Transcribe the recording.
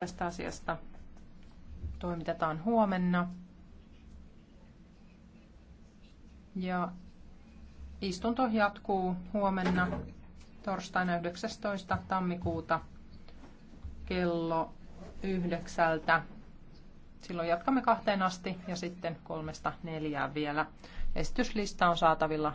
tästä asiasta toimitetaan huomenna. Ja istunto jatkuu huomenna torstaina 19. tammikuuta kello yhdeksältä. Silloin jatkamme kahteen asti ja sitten kolmesta neljään vielä. Esityslista on saatavilla